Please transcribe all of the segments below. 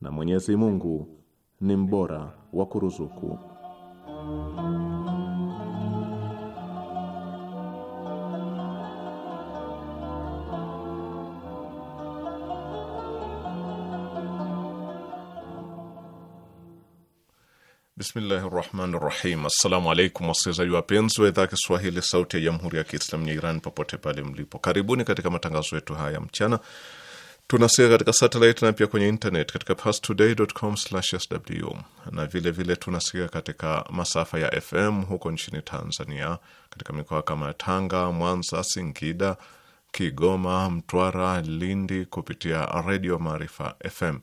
na Mwenyezi Mungu ni mbora wa kuruzuku. Bismillahi rahmani rahim. Assalamu alaikum wasikilizaji wapenzi wa idhaa Kiswahili sauti ya jamhuri ya Kiislamu ya Iran popote pale mlipo, karibuni katika matangazo yetu haya mchana Tunasikia katika satellite na pia kwenye internet katika pastoday.com/sw na vile vile katika masafa ya FM huko nchini Tanzania katika mikoa kama ya Tanga, Mwanza, Singida, Kigoma, Mtwara, Lindi kupitia Radio Maarifa FM.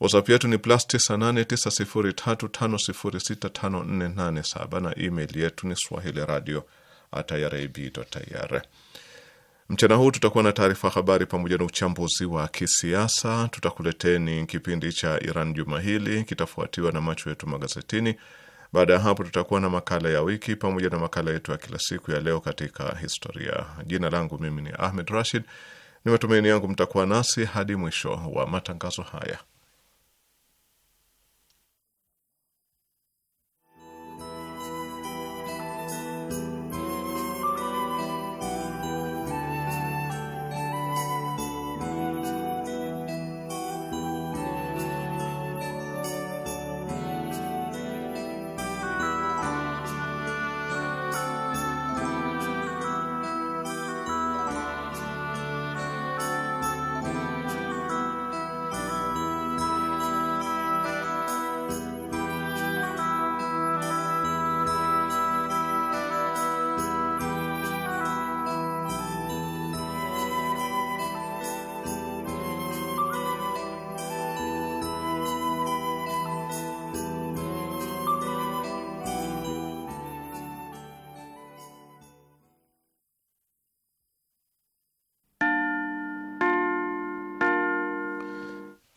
WhatsApp yetu ni plus 989035065487 na email yetu ni swahili radio radio@irib.ir. Mchana huu tutakuwa na taarifa habari pamoja na uchambuzi wa kisiasa. Tutakuleteni kipindi cha Iran juma hili, kitafuatiwa na macho yetu magazetini. Baada ya hapo, tutakuwa na makala ya wiki pamoja na makala yetu ya kila siku ya leo katika historia. Jina langu mimi ni Ahmed Rashid. Ni matumaini yangu mtakuwa nasi hadi mwisho wa matangazo haya.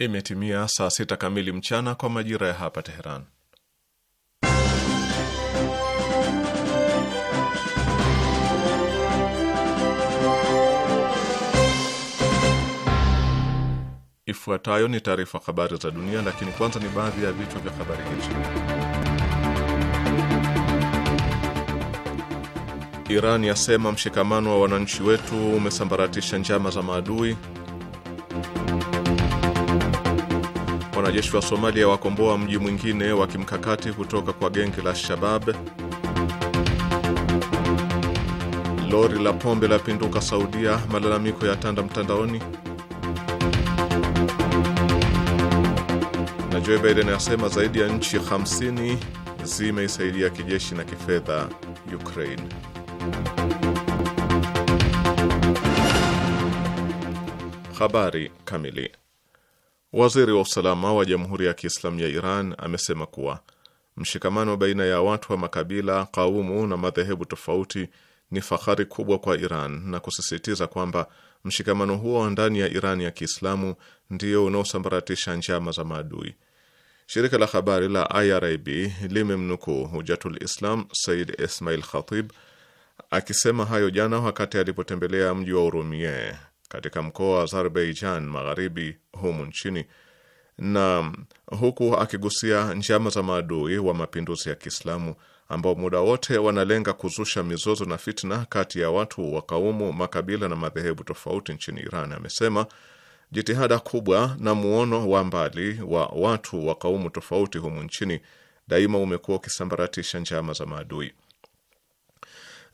Imetimia saa sita kamili mchana kwa majira ya hapa Teheran. Ifuatayo ni taarifa habari za dunia, lakini kwanza ni baadhi ya vichwa vya habari hizo. Iran yasema mshikamano wa wananchi wetu umesambaratisha njama za maadui. Wanajeshi wa Somalia wakomboa mji mwingine wa kimkakati kutoka kwa genge la Shabab. Lori la pombe la pinduka Saudia, malalamiko ya tanda mtandaoni. Na Joe Biden asema zaidi ya nchi 50 zimeisaidia kijeshi na kifedha Ukraine. Habari kamili Waziri wa usalama wa Jamhuri ya Kiislamu ya Iran amesema kuwa mshikamano baina ya watu wa makabila, kaumu na madhehebu tofauti ni fahari kubwa kwa Iran na kusisitiza kwamba mshikamano huo ndani ya Iran ya Kiislamu ndio unaosambaratisha njama za maadui. Shirika la habari la IRIB limemnukuu Hujatul Islam Said Ismail Khatib akisema hayo jana wakati alipotembelea mji wa Urumie katika mkoa wa Azerbaijan Magharibi humu nchini, na huku akigusia njama za maadui wa mapinduzi ya Kiislamu ambao muda wote wanalenga kuzusha mizozo na fitna kati ya watu wa kaumu, makabila na madhehebu tofauti nchini Iran, amesema jitihada kubwa na muono wa mbali wa watu wa kaumu tofauti humu nchini daima umekuwa ukisambaratisha njama za maadui.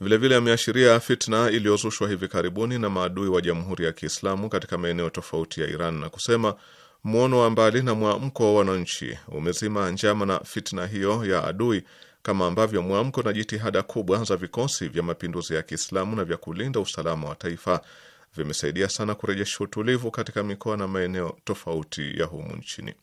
Vilevile ameashiria fitna iliyozushwa hivi karibuni na maadui wa Jamhuri ya Kiislamu katika maeneo tofauti ya Iran na kusema mwono wa mbali na mwamko wa wananchi umezima njama na fitna hiyo ya adui, kama ambavyo mwamko na jitihada kubwa za vikosi vya mapinduzi ya Kiislamu na vya kulinda usalama wa taifa vimesaidia sana kurejesha utulivu katika mikoa na maeneo tofauti ya humu nchini.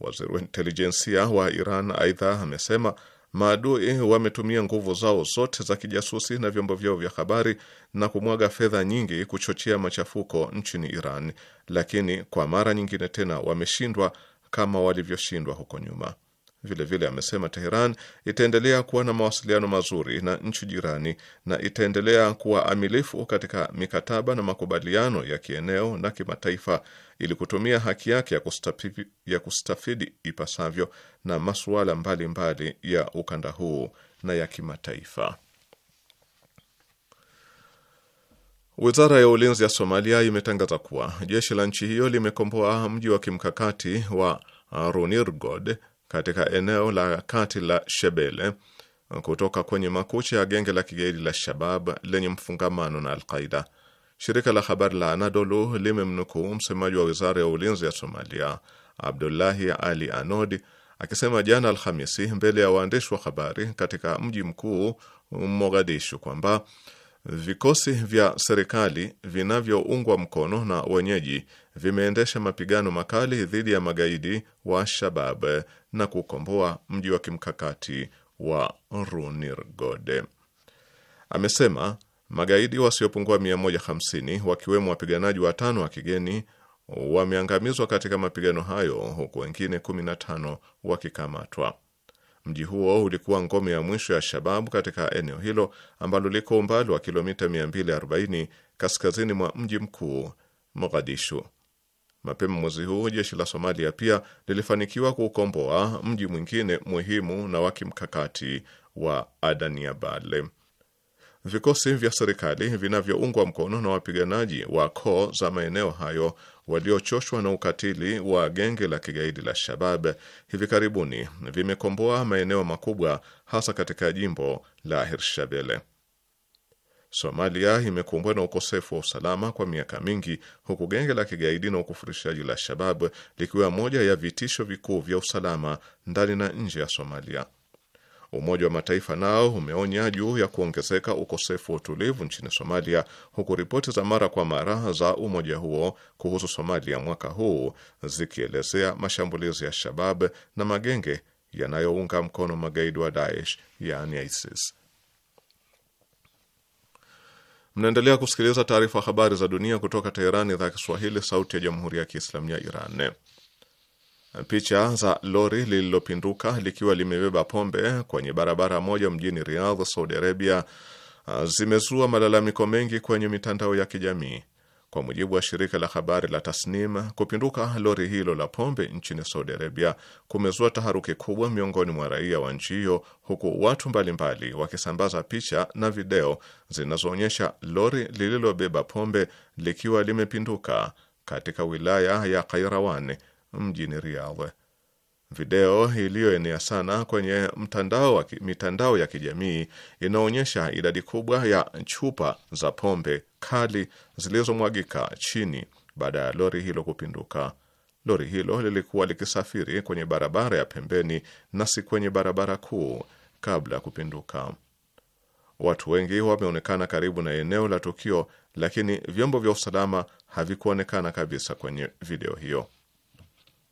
Waziri wa intelijensia wa Iran aidha amesema Maadui wametumia nguvu zao zote za kijasusi na vyombo vyao vya habari na kumwaga fedha nyingi kuchochea machafuko nchini Iran, lakini kwa mara nyingine tena wameshindwa kama walivyoshindwa huko nyuma. Vilevile amesema Teheran itaendelea kuwa na mawasiliano mazuri na nchi jirani na itaendelea kuwa amilifu katika mikataba na makubaliano ya kieneo na kimataifa ili kutumia haki yake ya kustafidi, ya kustafidi ipasavyo na masuala mbalimbali ya ukanda huu na ya kimataifa. Wizara ya ulinzi ya Somalia imetangaza kuwa jeshi la nchi hiyo limekomboa mji wa kimkakati wa Runirgod katika eneo la kati la Shebele kutoka kwenye makucha ya genge la kigaidi la Shabab lenye mfungamano na Alqaida. Shirika la habari la Anadolu limemnukuu msemaji wa wizara ya ulinzi ya Somalia, Abdullahi Ali Anodi, akisema jana Alhamisi mbele ya waandishi wa habari katika mji mkuu Mogadishu kwamba Vikosi vya serikali vinavyoungwa mkono na wenyeji vimeendesha mapigano makali dhidi ya magaidi wa Shabab na kukomboa mji wa kimkakati wa Runirgode. Amesema magaidi wasiopungua 150 wakiwemo wapiganaji watano wa kigeni wameangamizwa katika mapigano hayo, huku wengine 15 wakikamatwa. Mji huo ulikuwa ngome ya mwisho ya Shababu katika eneo hilo ambalo liko umbali wa kilomita 240 kaskazini mwa mji mkuu Mogadishu. Mapema mwezi huu jeshi la Somalia pia lilifanikiwa kuukomboa mji mwingine muhimu na wa kimkakati wa Adaniabale. Vikosi vya serikali vinavyoungwa mkono na wapiganaji wa koo za maeneo hayo waliochoshwa na ukatili wa genge la kigaidi la Shabab hivi karibuni vimekomboa maeneo makubwa hasa katika jimbo la Hirshabele. Somalia imekumbwa na ukosefu wa usalama kwa miaka mingi, huku genge la kigaidi na ukufurishaji la Shabab likiwa moja ya vitisho vikuu vya usalama ndani na nje ya Somalia. Umoja wa Mataifa nao umeonya juu ya kuongezeka ukosefu wa utulivu nchini Somalia, huku ripoti za mara kwa mara za umoja huo kuhusu Somalia mwaka huu zikielezea mashambulizi ya Shabab na magenge yanayounga mkono magaidi wa Daesh yaani ISIS. Mnaendelea kusikiliza taarifa habari za dunia kutoka Teherani, idhaa ya Kiswahili, sauti ya jamhuri ya kiislamu ya Iran picha za lori lililopinduka likiwa limebeba pombe kwenye barabara moja mjini Riyadh, Saudi Arabia, uh, zimezua malalamiko mengi kwenye mitandao ya kijamii. Kwa mujibu wa shirika la habari la Tasnim, kupinduka lori hilo la pombe nchini Saudi Arabia kumezua taharuki kubwa miongoni mwa raia wa nchi hiyo, huku watu mbalimbali wakisambaza picha na video zinazoonyesha lori lililobeba pombe likiwa limepinduka katika wilaya ya Kairawan mjini Riyadh. Video iliyoenea sana kwenye mtandao wa mitandao ya kijamii inaonyesha idadi kubwa ya chupa za pombe kali zilizomwagika chini baada ya lori hilo kupinduka. Lori hilo lilikuwa likisafiri kwenye barabara ya pembeni na si kwenye barabara kuu kabla ya kupinduka. Watu wengi wameonekana karibu na eneo la tukio, lakini vyombo vya usalama havikuonekana kabisa kwenye video hiyo.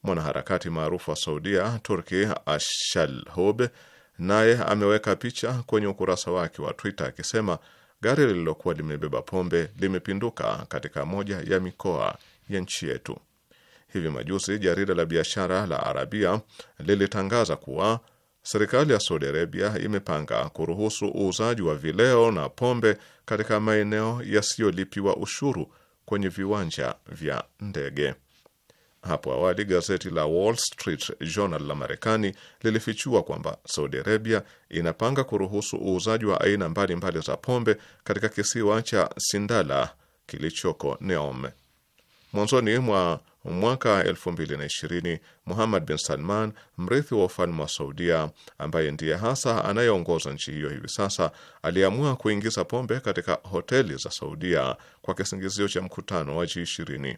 Mwanaharakati maarufu wa Saudia, Turki Ashalhub, naye ameweka picha kwenye ukurasa wake wa Twitter akisema gari lililokuwa limebeba pombe limepinduka katika moja ya mikoa ya nchi yetu. Hivi majuzi jarida la biashara la Arabia lilitangaza kuwa serikali ya Saudi Arabia imepanga kuruhusu uuzaji wa vileo na pombe katika maeneo yasiyolipiwa ushuru kwenye viwanja vya ndege. Hapo awali gazeti la Wall Street Journal la Marekani lilifichua kwamba Saudi Arabia inapanga kuruhusu uuzaji wa aina mbalimbali za pombe katika kisiwa cha Sindala kilichoko Neom. Mwanzoni mwa mwaka 2020 Muhammad bin Salman, mrithi wa ufalme wa Saudia, ambaye ndiye hasa anayeongoza nchi hiyo hivi sasa, aliamua kuingiza pombe katika hoteli za Saudia kwa kisingizio cha mkutano wa G20.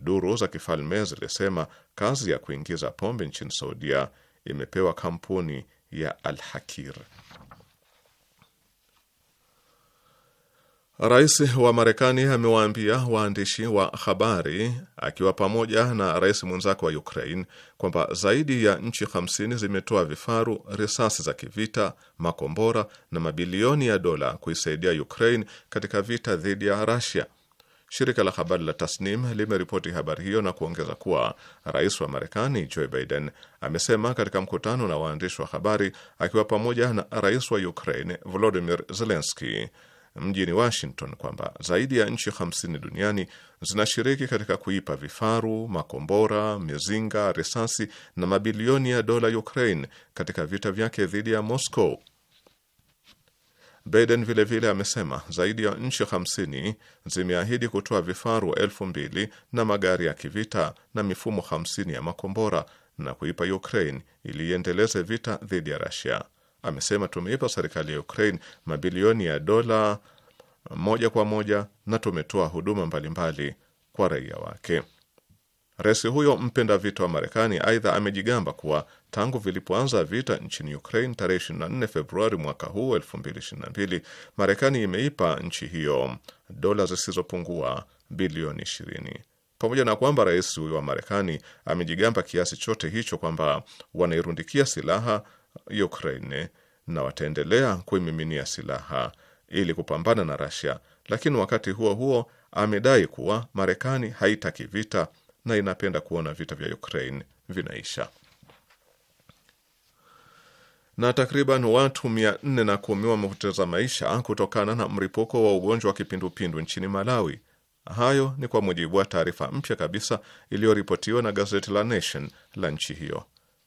Duru za kifalme zilisema kazi ya kuingiza pombe nchini Saudia imepewa kampuni ya Al-Hakir. Rais wa Marekani amewaambia waandishi wa habari akiwa pamoja na rais mwenzake wa Ukraine kwamba zaidi ya nchi 50 zimetoa vifaru, risasi za kivita, makombora na mabilioni ya dola kuisaidia Ukraine katika vita dhidi ya Russia. Shirika la habari la Tasnim limeripoti habari hiyo na kuongeza kuwa rais wa Marekani Joe Biden amesema katika mkutano na waandishi wa habari akiwa pamoja na rais wa Ukraine Volodimir Zelenski mjini Washington kwamba zaidi ya nchi 50 duniani zinashiriki katika kuipa vifaru, makombora, mizinga, risasi na mabilioni ya dola Ukraine katika vita vyake dhidi ya Moscow. Biden vilevile vile amesema zaidi ya nchi 50 zimeahidi kutoa vifaru elfu mbili na magari ya kivita na mifumo 50 ya makombora na kuipa Ukraine ili iendeleze vita dhidi ya Russia. Amesema tumeipa serikali ya Ukraine mabilioni ya dola moja kwa moja na tumetoa huduma mbalimbali mbali kwa raia wake. Rais huyo mpenda vita wa Marekani aidha amejigamba kuwa tangu vilipoanza vita nchini Ukraine tarehe 24 Februari mwaka huu 2022, Marekani imeipa nchi hiyo dola zisizopungua bilioni 20. Pamoja na kwamba rais huyo wa Marekani amejigamba kiasi chote hicho kwamba wanairundikia silaha Ukraine na wataendelea kuimiminia silaha ili kupambana na Russia, lakini wakati huo huo amedai kuwa Marekani haitaki vita na inapenda kuona vita vya Ukraine vinaisha. Na takriban watu mia na kumi wamepoteza maisha kutokana na mlipuko wa ugonjwa wa kipindupindu nchini Malawi. Hayo ni kwa mujibu wa taarifa mpya kabisa iliyoripotiwa na gazeti la Nation la nchi hiyo.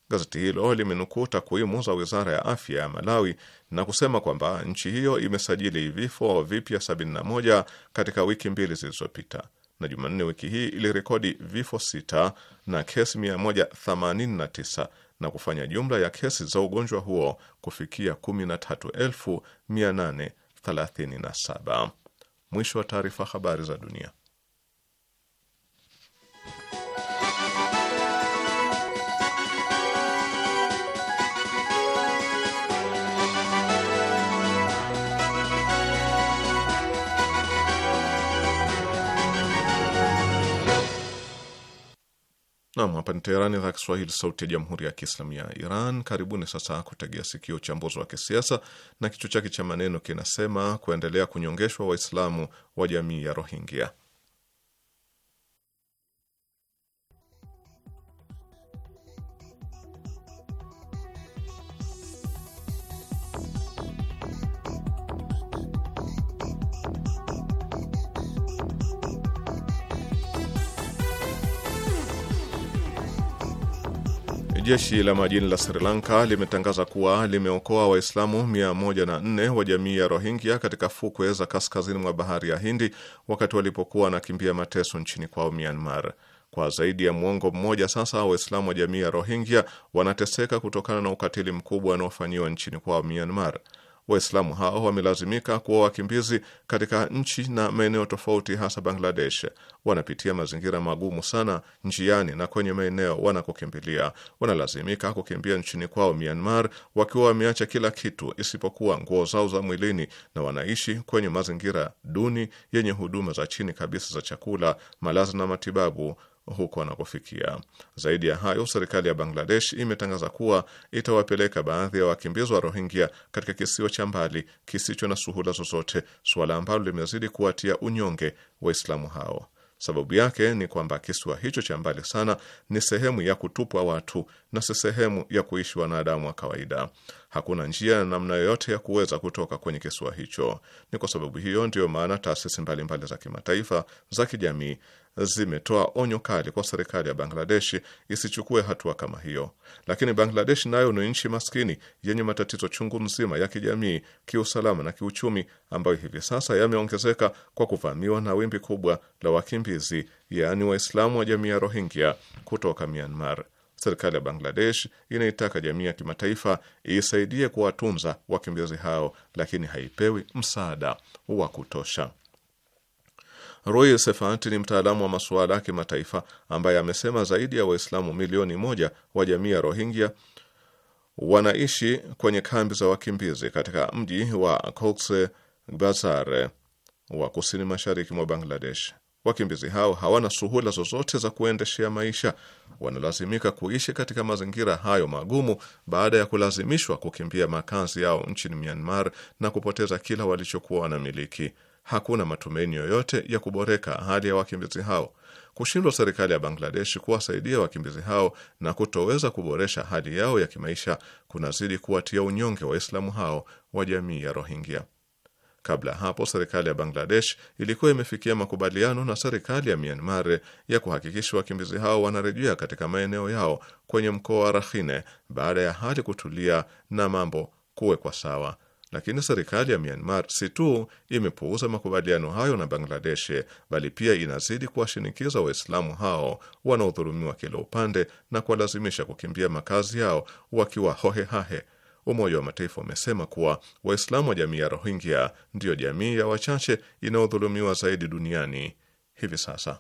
Gazeti hilo limenukuu takwimu za wizara ya afya ya Malawi na kusema kwamba nchi hiyo imesajili vifo vipya 71 katika wiki mbili zilizopita na Jumanne wiki hii ilirekodi vifo sita na kesi 189 na kufanya jumla ya kesi za ugonjwa huo kufikia 13837. Mwisho wa taarifa. Habari za dunia. Nam, hapa ni Teherani, idhaa Kiswahili, sauti ya jamhuri ya kiislamu ya Iran. Karibuni sasa kutegea sikio uchambuzi wa kisiasa na kichwa chake cha maneno kinasema kuendelea kunyongeshwa Waislamu wa jamii ya Rohingya. Jeshi la majini la Sri Lanka limetangaza kuwa limeokoa Waislamu 104 wa jamii ya Rohingya katika fukwe za kaskazini mwa bahari ya Hindi wakati walipokuwa wanakimbia mateso nchini kwao Myanmar. Kwa zaidi ya mwongo mmoja sasa, Waislamu wa jamii ya Rohingya wanateseka kutokana na ukatili mkubwa wanaofanyiwa nchini kwao Myanmar. Waislamu hao wamelazimika kuwa wakimbizi katika nchi na maeneo tofauti, hasa Bangladesh. Wanapitia mazingira magumu sana njiani na kwenye maeneo wanakokimbilia. Wanalazimika kukimbia nchini kwao Myanmar, wakiwa wameacha kila kitu isipokuwa nguo zao za mwilini, na wanaishi kwenye mazingira duni yenye huduma za chini kabisa za chakula, malazi na matibabu huko wanakofikia. Zaidi ya hayo, serikali ya Bangladesh imetangaza kuwa itawapeleka baadhi ya wakimbizi wa Rohingya katika kisiwa cha mbali kisicho na suhula zozote, suala ambalo limezidi kuwatia unyonge Waislamu hao. Sababu yake ni kwamba kisiwa hicho cha mbali sana ni sehemu ya kutupwa watu na si sehemu ya kuishi wanadamu wa kawaida. Hakuna njia na namna yoyote ya kuweza kutoka kwenye kisiwa hicho. Ni kwa sababu hiyo ndiyo maana taasisi mbalimbali za kimataifa za kijamii zimetoa onyo kali kwa serikali ya bangladesh isichukue hatua kama hiyo. Lakini Bangladesh nayo ni nchi maskini yenye matatizo chungu mzima ya kijamii, kiusalama na kiuchumi ambayo hivi sasa yameongezeka kwa kuvamiwa na wimbi kubwa la wakimbizi, yaani Waislamu wa jamii ya Rohingya kutoka Myanmar. Serikali ya Bangladesh inaitaka jamii ya kimataifa isaidie kuwatunza wakimbizi hao, lakini haipewi msaada wa kutosha. Roy Sefant ni mtaalamu wa masuala ya kimataifa ambaye amesema zaidi ya Waislamu milioni moja wa jamii ya Rohingya wanaishi kwenye kambi za wakimbizi katika mji wa Cox's Bazar wa kusini mashariki mwa Bangladesh. Wakimbizi hao hawana suhula zozote za kuendeshea maisha, wanalazimika kuishi katika mazingira hayo magumu baada ya kulazimishwa kukimbia makazi yao nchini Myanmar na kupoteza kila walichokuwa wanamiliki hakuna matumaini yoyote ya kuboreka hali ya wakimbizi hao. Kushindwa serikali ya Bangladesh kuwasaidia wakimbizi hao na kutoweza kuboresha hali yao ya kimaisha kunazidi kuwatia unyonge Waislamu hao wa jamii ya Rohingya. Kabla ya hapo, serikali ya Bangladesh ilikuwa imefikia makubaliano na serikali ya Myanmar ya kuhakikisha wakimbizi hao wanarejea katika maeneo yao kwenye mkoa wa Rakhine baada ya hali kutulia na mambo kuwekwa sawa. Lakini serikali ya Myanmar si tu imepuuza makubaliano hayo na Bangladesh, bali pia inazidi kuwashinikiza Waislamu hao wanaodhulumiwa kila upande na kuwalazimisha kukimbia makazi yao wakiwa hohehahe. Umoja wa Mataifa umesema kuwa Waislamu wa jamii ya Rohingya ndiyo jamii ya wachache inayodhulumiwa zaidi duniani hivi sasa.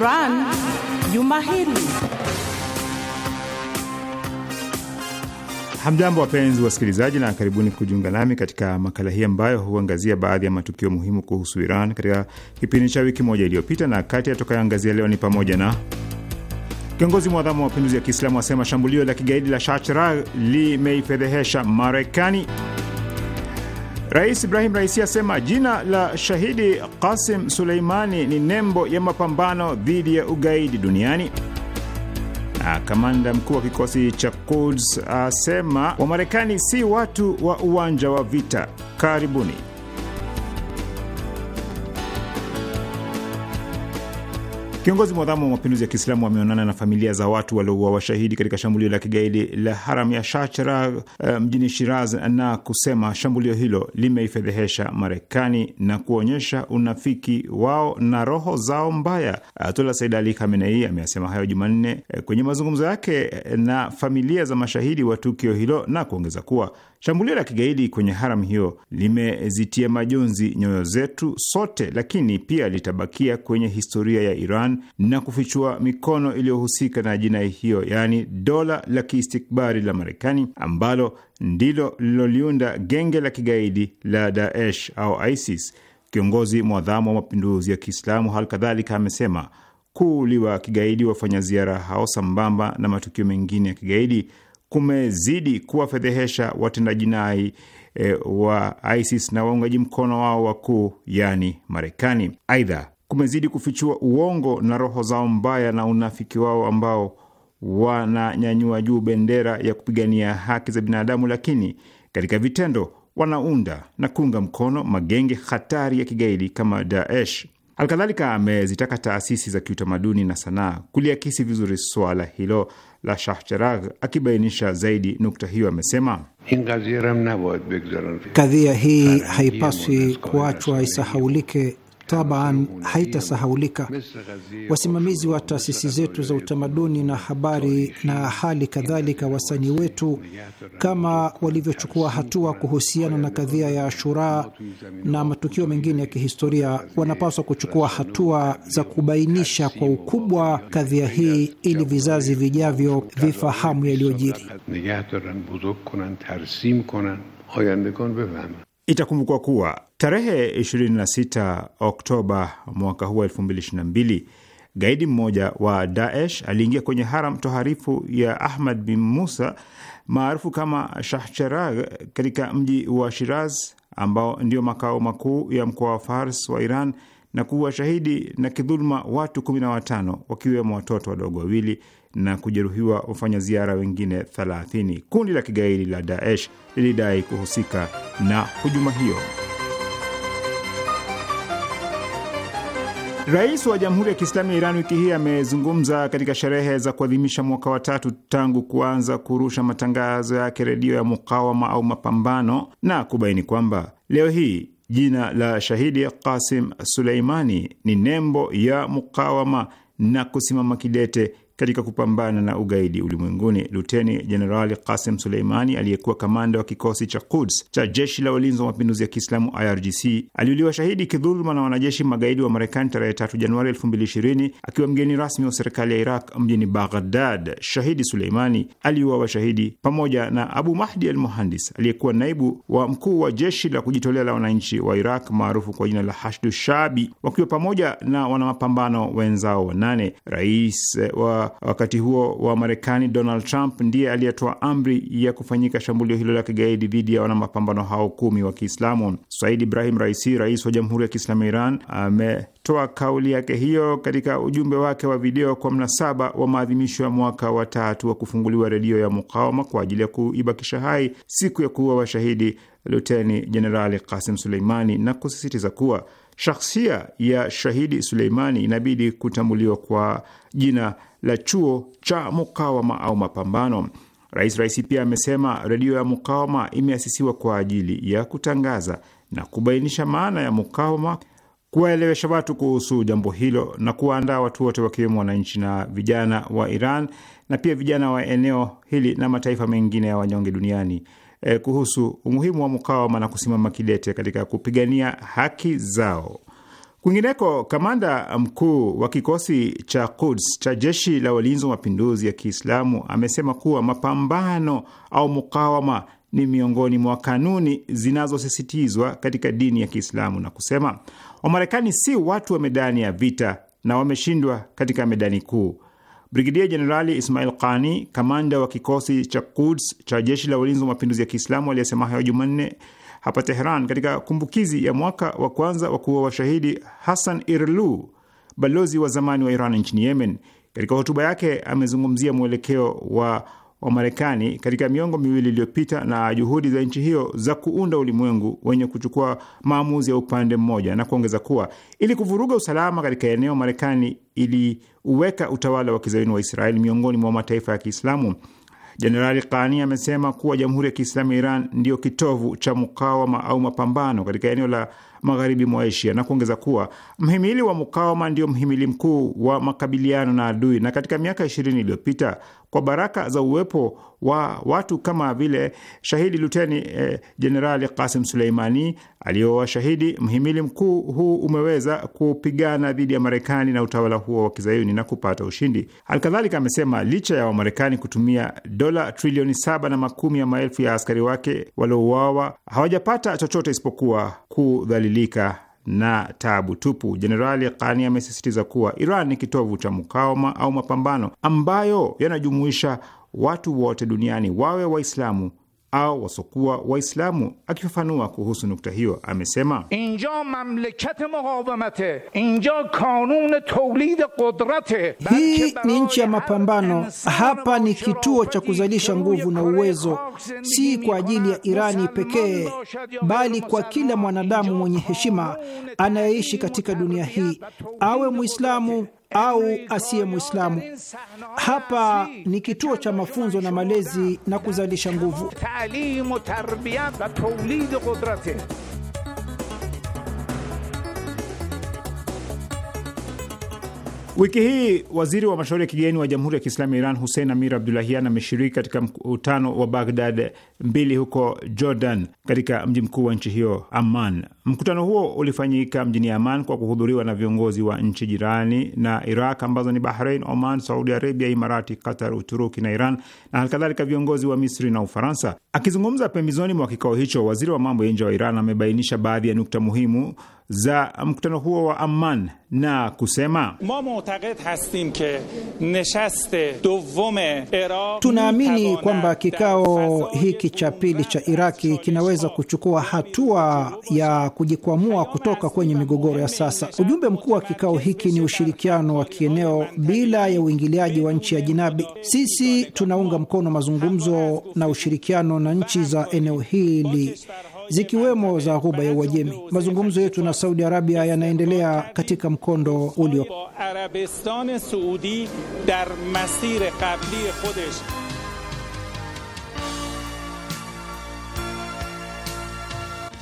Iran juma hili. Hamjambo, wapenzi wasikilizaji, na karibuni kujiunga nami katika makala hii ambayo huangazia baadhi ya matukio muhimu kuhusu Iran katika kipindi cha wiki moja iliyopita, na kati yatakayoangazia leo ni pamoja na Kiongozi mwadhamu wa mapinduzi ya Kiislamu asema shambulio la kigaidi la Shachra limeifedhehesha Marekani. Rais Ibrahim Raisi asema jina la shahidi Qasim Suleimani ni nembo ya mapambano dhidi ya ugaidi duniani. Na kamanda mkuu wa kikosi cha Quds asema Wamarekani si watu wa uwanja wa vita. Karibuni. Kiongozi mwadhamu wa mapinduzi ya Kiislamu wameonana na familia za watu waliouawa washahidi katika shambulio la kigaidi la haram ya Shachra eh, mjini Shiraz na kusema shambulio hilo limeifedhehesha Marekani na kuonyesha unafiki wao na roho zao mbaya. Ayatullah Said Ali Khamenei ameyasema hayo Jumanne eh, kwenye mazungumzo yake na familia za mashahidi wa tukio hilo na kuongeza kuwa Shambulio la kigaidi kwenye haram hiyo limezitia majonzi nyoyo zetu sote, lakini pia litabakia kwenye historia ya Iran na kufichua mikono iliyohusika na jinai hiyo, yaani dola la kiistikbari la Marekani ambalo ndilo liloliunda genge la kigaidi la Daesh au ISIS. Kiongozi mwadhamu wa mapinduzi ya Kiislamu hali kadhalika amesema kuuliwa kigaidi wafanya ziara hao, sambamba na matukio mengine ya kigaidi kumezidi kuwafedhehesha watenda jinai e, wa ISIS na waungaji mkono wao wakuu, yaani Marekani. Aidha, kumezidi kufichua uongo na roho zao mbaya na unafiki wao ambao wananyanyua juu bendera ya kupigania haki za binadamu, lakini katika vitendo wanaunda na kuunga mkono magenge hatari ya kigaidi kama Daesh. Alkadhalika amezitaka taasisi za kiutamaduni na sanaa kuliakisi vizuri swala hilo la Shah Cheragh. Akibainisha zaidi nukta hiyo, amesema kadhia hii haipaswi kuachwa isahaulike taban haitasahaulika. Wasimamizi wa taasisi zetu za utamaduni na habari na hali kadhalika wasanii wetu, kama walivyochukua hatua kuhusiana na kadhia ya Ashura na matukio mengine ya kihistoria, wanapaswa kuchukua hatua za kubainisha kwa ukubwa kadhia hii ili vizazi vijavyo vifahamu yaliyojiri. Itakumbukwa kuwa tarehe 26 Oktoba mwaka huu 2022 gaidi mmoja wa Daesh aliingia kwenye haram toharifu ya Ahmad bin Musa maarufu kama Shahcheragh katika mji wa Shiraz ambao ndio makao makuu ya mkoa wa Fars wa Iran na kuwa shahidi na kidhuluma watu 15 wakiwemo watoto wadogo wawili na kujeruhiwa wafanya ziara wengine 30. Kundi la kigaidi la Daesh lilidai kuhusika na hujuma hiyo. Rais wa Jamhuri ya Kiislamu ya Iran wiki hii amezungumza katika sherehe za kuadhimisha mwaka wa tatu tangu kuanza kurusha matangazo yake redio ya Mukawama au Mapambano, na kubaini kwamba leo hii jina la shahidi Qasim Suleimani ni nembo ya mukawama na kusimama kidete katika kupambana na ugaidi ulimwenguni. Luteni Jenerali Kasim Suleimani aliyekuwa kamanda wa kikosi cha Quds cha jeshi la ulinzi wa mapinduzi ya Kiislamu IRGC aliuliwa shahidi kidhuluma na wanajeshi magaidi wa Marekani tarehe 3 Januari 2020 akiwa mgeni rasmi wa serikali ya Iraq mjini Baghdad. Shahidi Suleimani aliuawa shahidi pamoja na Abu Mahdi al Muhandis aliyekuwa naibu wa mkuu wa jeshi la kujitolea la wananchi wa Iraq maarufu kwa jina la Hashdu Shabi wakiwa pamoja na wanamapambano wenzao wanane. Rais wa wakati huo wa Marekani, Donald Trump ndiye aliyetoa amri ya kufanyika shambulio hilo la kigaidi dhidi ya wanamapambano hao kumi wa Kiislamu. Said Ibrahim Raisi, rais wa Jamhuri ya Kiislamu Iran, ametoa kauli yake hiyo katika ujumbe wake wa video kwa mnasaba wa maadhimisho ya mwaka wa tatu wa kufunguliwa redio ya Mukawama kwa ajili ya kuibakisha hai siku ya kuua washahidi Luteni Jenerali Kasim Suleimani na kusisitiza kuwa shakhsia ya shahidi Suleimani inabidi kutambuliwa kwa jina la chuo cha mukawama au mapambano. Rais Raisi pia amesema redio ya mukawama imeasisiwa kwa ajili ya kutangaza na kubainisha maana ya mukawama, kuwaelewesha watu kuhusu jambo hilo na kuwaandaa watu wote wakiwemo wananchi na vijana wa Iran na pia vijana wa eneo hili na mataifa mengine ya wanyonge duniani eh, kuhusu umuhimu wa mukawama na kusimama kidete katika kupigania haki zao. Kwingineko, kamanda mkuu wa kikosi cha Quds cha jeshi la walinzi wa mapinduzi ya Kiislamu amesema kuwa mapambano au mukawama ni miongoni mwa kanuni zinazosisitizwa katika dini ya Kiislamu na kusema Wamarekani si watu wa medani ya vita na wameshindwa katika medani kuu Brigedia Jenerali Ismail Qani, kamanda wa kikosi cha Quds cha jeshi la ulinzi wa mapinduzi ya Kiislamu, aliyesema hayo Jumanne hapa Teheran katika kumbukizi ya mwaka wa kwanza wa kuwa washahidi Hassan Irlu, balozi wa zamani wa Iran nchini Yemen. Katika hotuba yake amezungumzia mwelekeo wa wa Marekani katika miongo miwili iliyopita na juhudi za nchi hiyo za kuunda ulimwengu wenye kuchukua maamuzi ya upande mmoja, na kuongeza kuwa ili kuvuruga usalama katika eneo, Marekani iliuweka utawala wa kizayuni wa Israeli miongoni mwa mataifa ya Kiislamu. Jenerali Kani amesema kuwa Jamhuri ya Kiislamu ya Iran ndiyo kitovu cha mukawama au mapambano katika eneo la magharibi mwa Asia na kuongeza kuwa mhimili wa mukawama ndio mhimili mkuu wa makabiliano na adui. Na katika miaka ishirini iliyopita kwa baraka za uwepo wa watu kama vile shahidi luteni eh, jenerali eh, Kasim Suleimani aliyowashahidi, mhimili mkuu huu umeweza kupigana dhidi ya Marekani na utawala huo wa kizayuni na kupata ushindi. alkadhalika amesema licha ya Wamarekani kutumia dola trilioni saba na makumi ya maelfu ya askari wake waliouawa hawajapata chochote isipokuwa kudhalili kubadilika na tabu tupu. Jenerali Kani amesisitiza kuwa Iran ni kitovu cha mukawama au mapambano ambayo yanajumuisha watu wote duniani, wawe Waislamu au wasokuwa Waislamu. Akifafanua kuhusu nukta hiyo, amesema inja mamlakat muqawamate inja kanun tawlid qudrate, hii ni nchi ya mapambano, hapa ni kituo cha kuzalisha nguvu na uwezo, si kwa ajili ya Irani pekee, bali kwa kila mwanadamu mwenye heshima anayeishi katika dunia hii, awe Muislamu au asiye Mwislamu. Hapa ni kituo cha mafunzo na malezi na kuzalisha nguvu. Wiki hii waziri wa mashauri ya kigeni wa Jamhuri ya Kiislamu ya Iran Hussein Amir Abdulahian ameshiriki katika mkutano wa Baghdad mbili huko Jordan, katika mji mkuu wa nchi hiyo Amman. Mkutano huo ulifanyika mjini Amman kwa kuhudhuriwa na viongozi wa nchi jirani na Iraq ambazo ni Bahrain, Oman, Saudi Arabia, Imarati, Qatar, Uturuki na Iran na halikadhalika viongozi wa Misri na Ufaransa. Akizungumza pembezoni mwa kikao hicho, waziri wa mambo ya nje wa Iran amebainisha baadhi ya nukta muhimu za mkutano huo wa Amman na kusema tunaamini kwamba kikao hiki cha pili cha Iraki kinaweza kuchukua hatua ya kujikwamua kutoka kwenye migogoro ya sasa. Ujumbe mkuu wa kikao hiki ni ushirikiano wa kieneo bila ya uingiliaji wa nchi ya jinabi. Sisi tunaunga mkono mazungumzo na ushirikiano na nchi za eneo hili zikiwemo za ghuba ya Uajemi. Mazungumzo yetu na Saudi Arabia yanaendelea katika mkondo ulio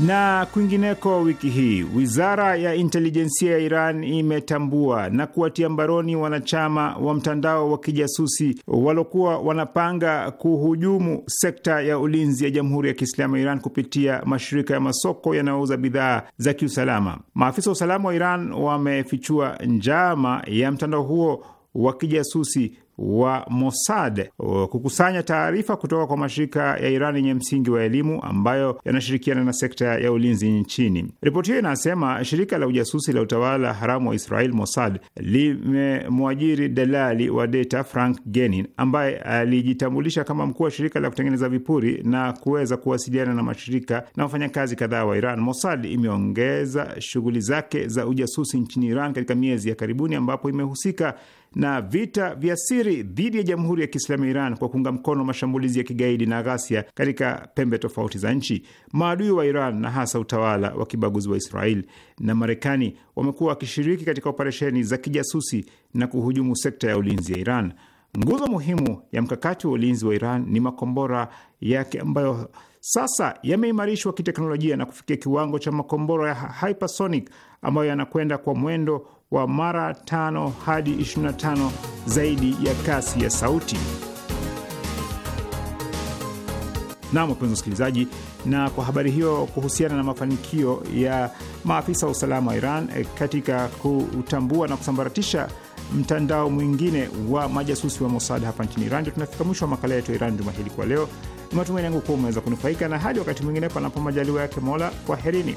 Na kwingineko, wiki hii wizara ya intelijensia ya Iran imetambua na kuwatia mbaroni wanachama wa mtandao wa kijasusi waliokuwa wanapanga kuhujumu sekta ya ulinzi ya Jamhuri ya Kiislamu ya Iran kupitia mashirika ya masoko yanayouza bidhaa za kiusalama. Maafisa wa usalama wa Iran wamefichua njama ya mtandao huo wa kijasusi wa Mossad uh, kukusanya taarifa kutoka kwa mashirika ya Iran yenye msingi wa elimu ambayo yanashirikiana na sekta ya ulinzi nchini. Ripoti hiyo inasema shirika la ujasusi la utawala haramu wa Israel Mossad limemwajiri dalali wa data Frank Genin ambaye alijitambulisha kama mkuu wa shirika la kutengeneza vipuri na kuweza kuwasiliana na mashirika na wafanyakazi kadhaa wa Iran. Mossad imeongeza shughuli zake za ujasusi nchini Iran katika miezi ya karibuni ambapo imehusika na vita vya siri dhidi ya Jamhuri ya Kiislamu ya Iran kwa kuunga mkono mashambulizi ya kigaidi na ghasia katika pembe tofauti za nchi. Maadui wa Iran na hasa utawala wa kibaguzi wa Israel na Marekani wamekuwa wakishiriki katika operesheni za kijasusi na kuhujumu sekta ya ulinzi ya Iran. Nguzo muhimu ya mkakati wa ulinzi wa Iran ni makombora yake ambayo sasa yameimarishwa kiteknolojia na kufikia kiwango cha makombora ya hypersonic ambayo yanakwenda kwa mwendo wa mara tano hadi 25 zaidi ya kasi ya sauti. Nam, wapenzi wasikilizaji, na kwa habari hiyo kuhusiana na mafanikio ya maafisa wa usalama wa Iran eh, katika kutambua na kusambaratisha mtandao mwingine wa majasusi wa Mossad hapa nchini Iran, ndio tunafika mwisho wa makala yetu ya Iran juma hili. Kwa leo, ni matumaini yangu kuwa umeweza kunufaika, na hadi wakati mwingine, panapo majaliwa yake Mola, kwaherini.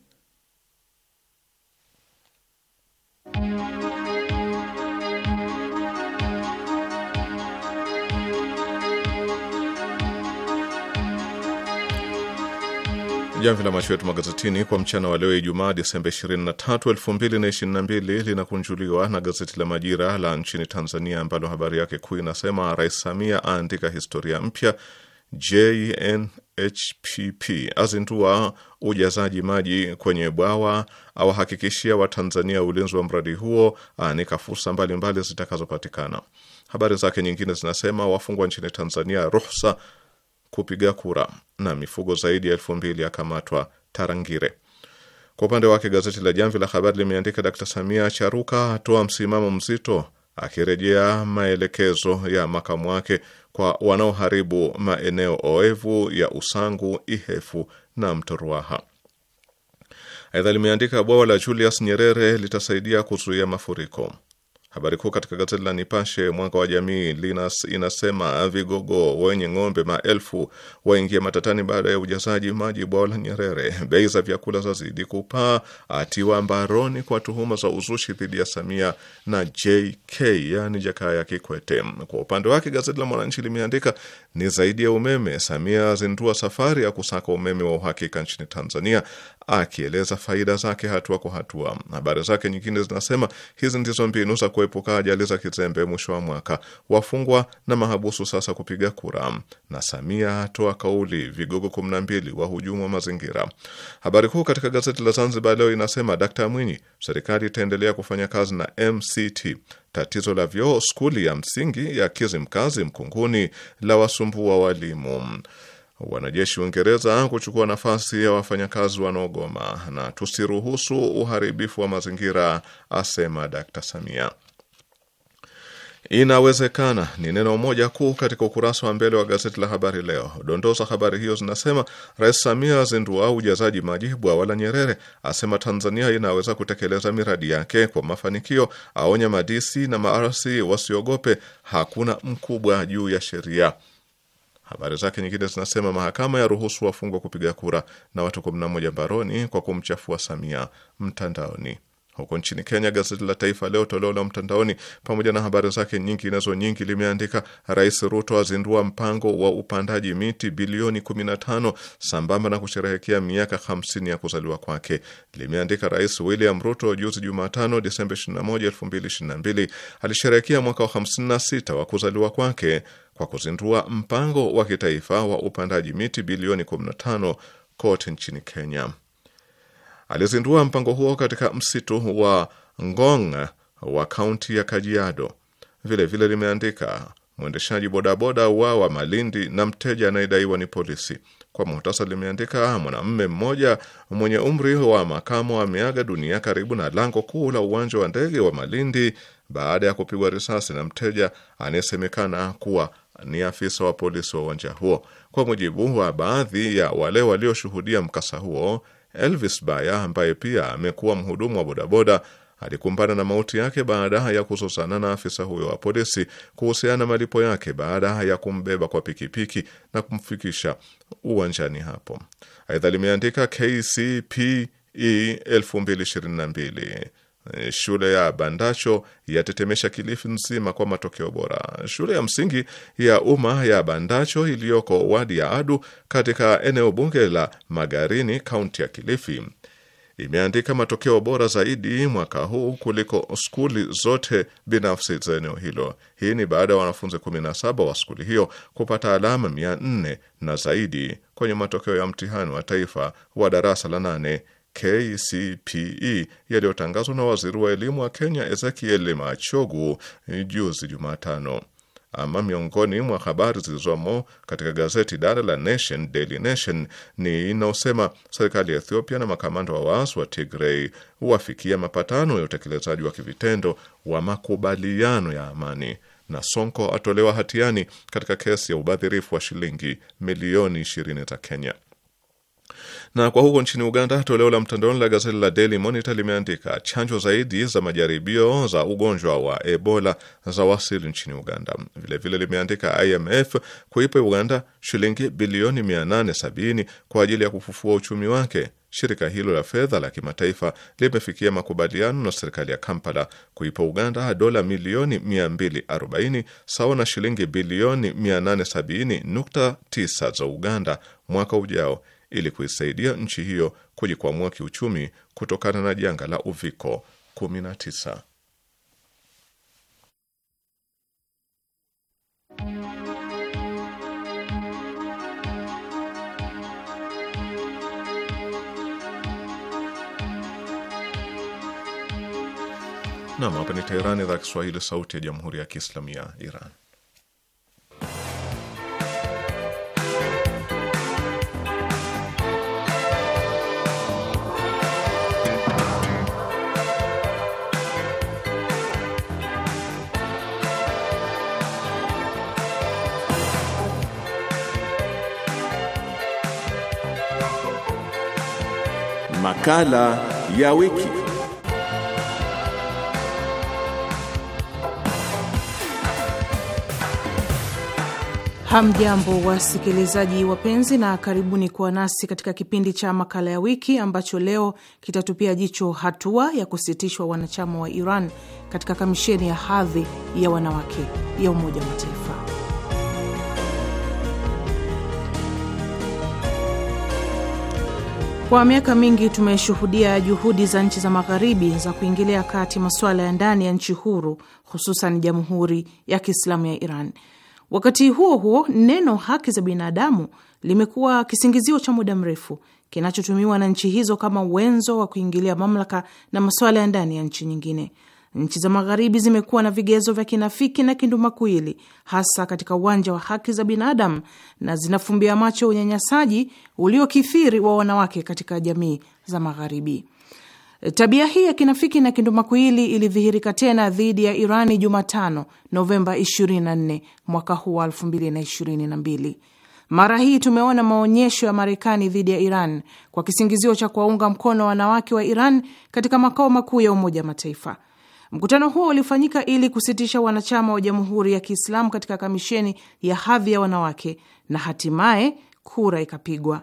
Jamvi la macho yetu magazetini kwa mchana wa leo Ijumaa, Disemba 23, 2022 linakunjuliwa na gazeti la Majira la nchini Tanzania, ambalo habari yake kuu inasema Rais Samia aandika historia mpya, JNHPP azindua ujazaji maji kwenye bwawa, awahakikishia Watanzania ulinzi wa mradi huo, aanika fursa mbalimbali zitakazopatikana. Habari zake nyingine zinasema wafungwa nchini Tanzania ruhusa kupiga kura na mifugo zaidi ya elfu mbili yakamatwa Tarangire. Kwa upande wake gazeti la Jamvi la Habari limeandika Dkt Samia Charuka atoa msimamo mzito akirejea maelekezo ya makamu wake kwa wanaoharibu maeneo oevu ya Usangu, Ihefu na mto Ruaha. Aidha limeandika bwawa la Julius Nyerere litasaidia kuzuia mafuriko. Habari kuu katika gazeti la Nipashe mwanga wa jamii linas, inasema vigogo wenye ng'ombe maelfu waingia matatani baada ya ujazaji maji bwawa la Nyerere. Bei za vyakula zazidi kupaa, atiwa mbaroni kwa tuhuma za uzushi dhidi ya Samia na JK, yaani Jakaya Kikwete. Kwa upande wake gazeti la Mwananchi limeandika ni zaidi ya umeme, Samia azindua safari ya kusaka umeme wa uhakika nchini Tanzania, akieleza faida zake hatua kwa hatua. Habari zake nyingine zinasema hizi ndizo mbinu za kuepuka ajali za kizembe mwisho wa mwaka, wafungwa na mahabusu sasa kupiga kura, na Samia atoa kauli, vigogo 12 wahujumu wa mazingira. Habari kuu katika gazeti la Zanzibar leo inasema Dkt Mwinyi, serikali itaendelea kufanya kazi na MCT Tatizo la vyoo skuli ya msingi ya Kizimkazi Mkunguni la wasumbua walimu wanajeshi wa Uingereza kuchukua nafasi ya wafanyakazi wanaogoma, na tusiruhusu uharibifu wa mazingira, asema Dkt. Samia. Inawezekana ni neno moja kuu katika ukurasa wa mbele wa gazeti la Habari Leo. Dondoo za habari hiyo zinasema: Rais Samia azindua ujazaji maji bwawa Nyerere, asema Tanzania inaweza kutekeleza miradi yake kwa mafanikio, aonya madisi na maarsi wasiogope, hakuna mkubwa juu ya sheria Habari zake nyingine zinasema mahakama ya ruhusu wafungwa kupiga kura na watu 11 mbaroni kwa kumchafua Samia mtandaoni. Huko nchini Kenya, gazeti la Taifa Leo toleo la mtandaoni, pamoja na habari zake nyinginezo nyingi, limeandika Rais Ruto azindua mpango wa upandaji miti bilioni 15 sambamba na kusherehekea miaka 50 ya kuzaliwa kwake. Limeandika Rais William Ruto juzi Jumatano, Disemba 21, 2022 alisherehekea mwaka wa 56 wa kuzaliwa kwake kwa kuzindua mpango wa kitaifa wa upandaji miti bilioni 15 kote nchini Kenya. Alizindua mpango huo katika msitu wa Ngong wa kaunti ya Kajiado. Vile vile limeandika mwendeshaji bodaboda wa wa Malindi na mteja anayedaiwa ni polisi. Kwa muhtasari, limeandika mwanamume mmoja mwenye umri wa makamo ameaga dunia karibu na lango kuu la uwanja wa ndege wa Malindi baada ya kupigwa risasi na mteja anayesemekana kuwa ni afisa wa polisi wa uwanja huo. Kwa mujibu wa baadhi ya wale walioshuhudia mkasa huo Elvis Baya ambaye pia amekuwa mhudumu wa bodaboda alikumbana na mauti yake baada ya kususana na afisa huyo wa polisi kuhusiana na malipo yake baada ya kumbeba kwa pikipiki na kumfikisha uwanjani hapo. Aidha limeandika KCPE 2022 Eh, shule ya Bandacho yatetemesha Kilifi nzima kwa matokeo bora. Shule ya msingi ya umma ya Bandacho iliyoko wadi ya Adu katika eneo bunge la Magarini, kaunti ya Kilifi imeandika matokeo bora zaidi mwaka huu kuliko skuli zote binafsi za eneo hilo. Hii ni baada ya wanafunzi 17 wa skuli hiyo kupata alama 400 na zaidi kwenye matokeo ya mtihani wa taifa wa darasa la nane KCPE yaliyotangazwa na waziri wa elimu wa Kenya Ezekiel Machogu juzi Jumatano. Ama miongoni mwa habari zilizomo katika gazeti dada la Nation, Daily Nation ni inaosema serikali ya Ethiopia na makamanda wa waasi wa Tigray wafikia mapatano ya utekelezaji wa kivitendo wa makubaliano ya amani, na Sonko atolewa hatiani katika kesi ya ubadhirifu wa shilingi milioni 20 za Kenya. Na kwa huko nchini Uganda, toleo la mtandaoni la gazeti la Daily Monitor limeandika chanjo zaidi za majaribio za ugonjwa wa Ebola za wasili nchini Uganda. Vilevile vile limeandika IMF kuipa Uganda shilingi bilioni 870 kwa ajili ya kufufua uchumi wake. Shirika hilo la fedha la kimataifa limefikia makubaliano na serikali ya Kampala kuipa Uganda dola milioni 240 sawa na shilingi bilioni 870.9 za Uganda mwaka ujao ili kuisaidia nchi hiyo kujikwamua kiuchumi kutokana na janga la uviko 19. Nam, hapa ni Teherani, idhaa Kiswahili, sauti ya jamhuri ya kiislamu ya Iran. Makala ya wiki. Hamjambo wasikilizaji wapenzi, na karibuni kuwa nasi katika kipindi cha makala ya wiki ambacho leo kitatupia jicho hatua ya kusitishwa wanachama wa Iran katika kamisheni ya hadhi ya wanawake ya Umoja wa Mataifa. Kwa miaka mingi tumeshuhudia juhudi za nchi za magharibi za kuingilia kati masuala ya ndani ya nchi huru, hususan Jamhuri ya Kiislamu ya Iran. Wakati huo huo, neno haki za binadamu limekuwa kisingizio cha muda mrefu kinachotumiwa na nchi hizo kama wenzo wa kuingilia mamlaka na masuala ya ndani ya nchi nyingine. Nchi za Magharibi zimekuwa na vigezo vya kinafiki na kindumakuili, hasa katika uwanja wa haki za binadamu, na zinafumbia macho unyanyasaji uliokithiri wa wanawake katika jamii za Magharibi. Tabia hii ya kinafiki na kindumakuili ilidhihirika tena dhidi ya Irani Jumatano, Novemba 24 mwaka huu wa 2022. Mara hii tumeona maonyesho ya Marekani dhidi ya Iran kwa kisingizio cha kuwaunga mkono wanawake wa Iran katika makao makuu ya Umoja wa Mataifa. Mkutano huo ulifanyika ili kusitisha wanachama wa Jamhuri ya Kiislamu katika kamisheni ya hadhi ya wanawake na hatimaye kura ikapigwa.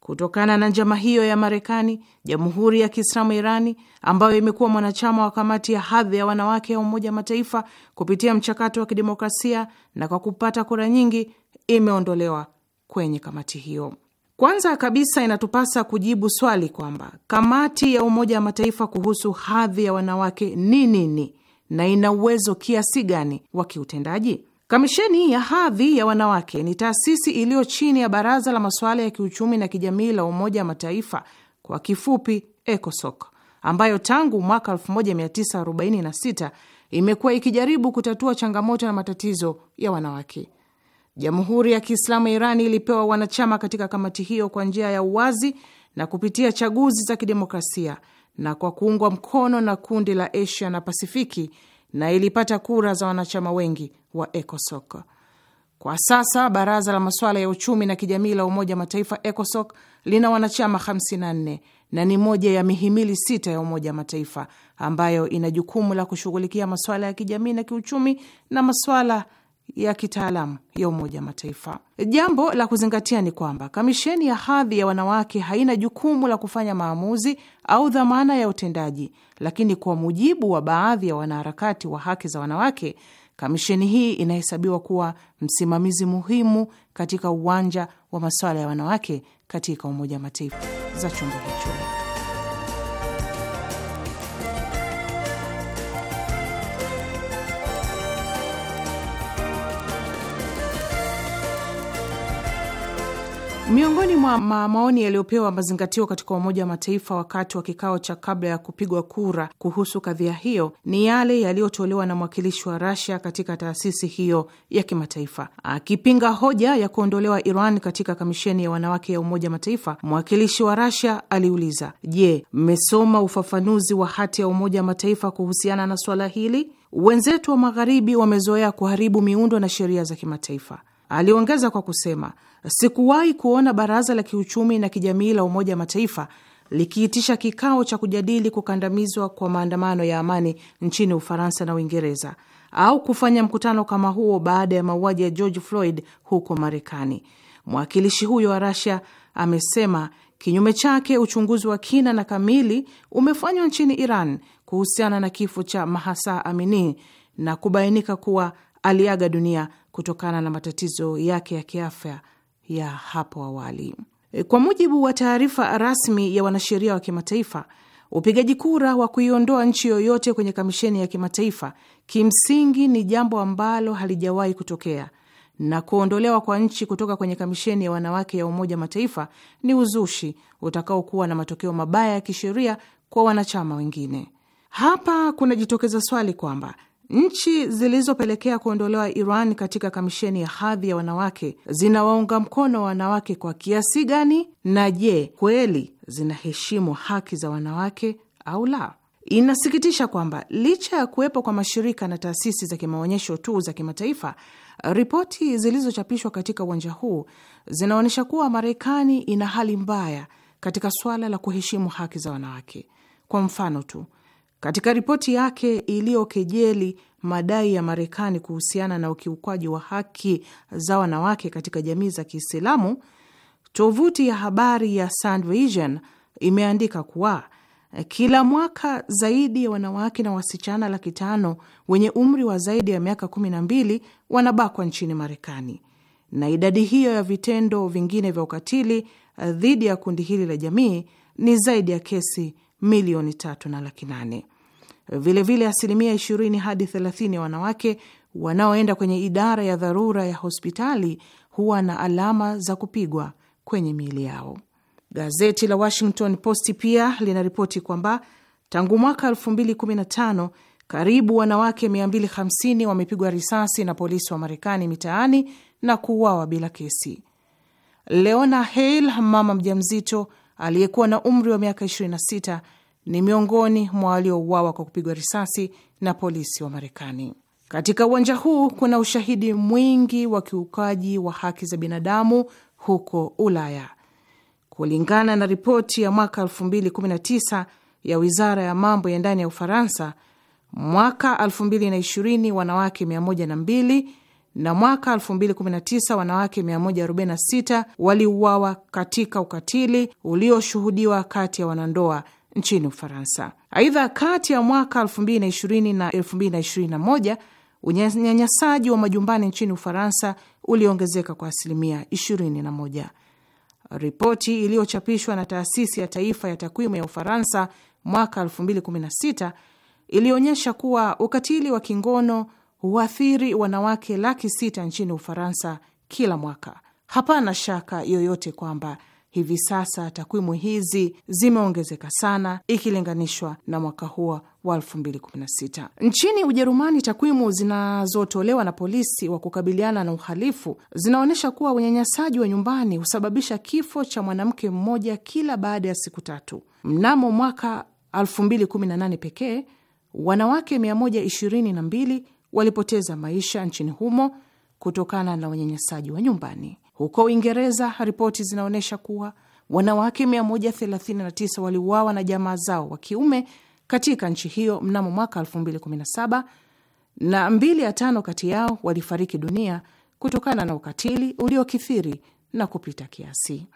Kutokana na njama hiyo ya Marekani, Jamhuri ya Kiislamu Irani ambayo imekuwa mwanachama wa kamati ya hadhi ya wanawake ya Umoja wa Mataifa kupitia mchakato wa kidemokrasia na kwa kupata kura nyingi, imeondolewa kwenye kamati hiyo. Kwanza kabisa inatupasa kujibu swali kwamba kamati ya Umoja wa Mataifa kuhusu hadhi ya wanawake ni nini na ina uwezo kiasi gani wa kiutendaji. Kamisheni ya hadhi ya wanawake ni taasisi iliyo chini ya Baraza la Masuala ya Kiuchumi na Kijamii la Umoja wa Mataifa, kwa kifupi ECOSOC, ambayo tangu mwaka 1946 imekuwa ikijaribu kutatua changamoto na matatizo ya wanawake. Jamhuri ya Kiislamu ya Irani ilipewa wanachama katika kamati hiyo kwa njia ya uwazi na kupitia chaguzi za kidemokrasia na kwa kuungwa mkono na kundi la Asia na Pasifiki, na ilipata kura za wanachama wengi wa ECOSOC. Kwa sasa baraza la masuala ya uchumi na kijamii la Umoja Mataifa ECOSOC lina wanachama 54 na ni moja ya mihimili sita ya Umoja Mataifa ambayo ina jukumu la kushughulikia masuala ya kijamii na kiuchumi na masuala ya kitaalamu ya Umoja wa Mataifa. Jambo la kuzingatia ni kwamba kamisheni ya hadhi ya wanawake haina jukumu la kufanya maamuzi au dhamana ya utendaji, lakini kwa mujibu wa baadhi ya wanaharakati wa haki za wanawake, kamisheni hii inahesabiwa kuwa msimamizi muhimu katika uwanja wa masuala ya wanawake katika Umoja wa Mataifa za chombo hicho. Miongoni mwa maoni yaliyopewa mazingatio katika Umoja wa Mataifa wakati wa kikao cha kabla ya kupigwa kura kuhusu kadhia hiyo ni yale yaliyotolewa na mwakilishi wa Rasia katika taasisi hiyo ya kimataifa. Akipinga hoja ya kuondolewa Iran katika kamisheni ya wanawake ya Umoja wa Mataifa, mwakilishi wa Rasia aliuliza, je, mmesoma ufafanuzi wa hati ya Umoja wa Mataifa kuhusiana na swala hili? Wenzetu wa Magharibi wamezoea kuharibu miundo na sheria za kimataifa Aliongeza kwa kusema, sikuwahi kuona baraza la kiuchumi na kijamii la Umoja Mataifa likiitisha kikao cha kujadili kukandamizwa kwa maandamano ya amani nchini Ufaransa na Uingereza au kufanya mkutano kama huo baada ya mauaji ya George Floyd huko Marekani. Mwakilishi huyo wa rasia amesema kinyume chake, uchunguzi wa kina na kamili umefanywa nchini Iran kuhusiana na kifo cha mahasa Amini na kubainika kuwa aliaga dunia kutokana na matatizo yake ya kiafya ya hapo awali. E, kwa mujibu wa taarifa rasmi ya wanasheria wa kimataifa, upigaji kura wa kuiondoa nchi yoyote kwenye kamisheni ya kimataifa kimsingi ni jambo ambalo halijawahi kutokea, na kuondolewa kwa nchi kutoka kwenye kamisheni ya wanawake ya Umoja Mataifa ni uzushi utakaokuwa na matokeo mabaya ya kisheria kwa wanachama wengine. Hapa kunajitokeza swali kwamba Nchi zilizopelekea kuondolewa Iran katika kamisheni ya hadhi ya wanawake zinawaunga mkono wanawake kwa kiasi gani, na je, kweli zinaheshimu haki za wanawake au la? Inasikitisha kwamba licha ya kuwepo kwa mashirika na taasisi za kimaonyesho tu za kimataifa, ripoti zilizochapishwa katika uwanja huu zinaonyesha kuwa Marekani ina hali mbaya katika swala la kuheshimu haki za wanawake. Kwa mfano tu katika ripoti yake iliyokejeli madai ya Marekani kuhusiana na ukiukwaji wa haki za wanawake katika jamii za Kiislamu, tovuti ya habari ya Sandvision imeandika kuwa kila mwaka zaidi ya wanawake na wasichana laki tano wenye umri wa zaidi ya miaka 12 wanabakwa nchini Marekani, na idadi hiyo ya vitendo vingine vya ukatili eh, dhidi ya kundi hili la jamii ni zaidi ya kesi milioni tatu na laki nane. Vilevile asilimia 20 hadi 30 ya wanawake wanaoenda kwenye idara ya dharura ya hospitali huwa na alama za kupigwa kwenye miili yao. Gazeti la Washington Post pia linaripoti kwamba tangu mwaka 2015 karibu wanawake 250 wamepigwa risasi na polisi wa Marekani mitaani na kuuawa bila kesi. Leona Hale, mama mjamzito aliyekuwa na umri wa miaka 26 ni miongoni mwa waliouawa kwa kupigwa risasi na polisi wa Marekani. Katika uwanja huu kuna ushahidi mwingi wa kiukaji wa haki za binadamu huko Ulaya. Kulingana na ripoti ya mwaka 2019 ya wizara ya mambo ya ndani ya Ufaransa, mwaka 2020 wanawake 102 na mwaka 2019 wanawake 146 waliuawa katika ukatili ulioshuhudiwa kati ya wanandoa nchini Ufaransa. Aidha, kati ya mwaka 2020 na 2021 unyanyasaji wa majumbani nchini Ufaransa uliongezeka kwa asilimia 21. Ripoti iliyochapishwa na taasisi ya taifa ya takwimu ya Ufaransa mwaka 2016 ilionyesha kuwa ukatili wa kingono huathiri wanawake laki sita nchini Ufaransa kila mwaka. Hapana shaka yoyote kwamba hivi sasa takwimu hizi zimeongezeka sana ikilinganishwa na mwaka huo wa 2016. Nchini Ujerumani, takwimu zinazotolewa na polisi wa kukabiliana na uhalifu zinaonyesha kuwa unyanyasaji wa nyumbani husababisha kifo cha mwanamke mmoja kila baada ya siku tatu. Mnamo mwaka 2018 pekee wanawake 122 walipoteza maisha nchini humo kutokana na unyanyasaji wa nyumbani. Huko Uingereza, ripoti zinaonyesha kuwa wanawake 139 waliuawa na jamaa zao wa kiume katika nchi hiyo mnamo mwaka 2017 na mbili ya tano kati yao walifariki dunia kutokana na ukatili uliokithiri na kupita kiasi.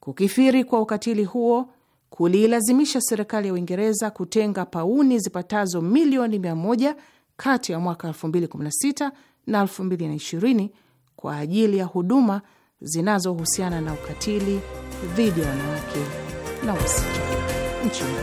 Kukithiri kwa ukatili huo kuliilazimisha serikali ya Uingereza kutenga pauni zipatazo milioni 100 kati ya mwaka 2016 na 2020 kwa ajili ya huduma zinazohusiana na ukatili dhidi ya wanawake na wasichana nchini.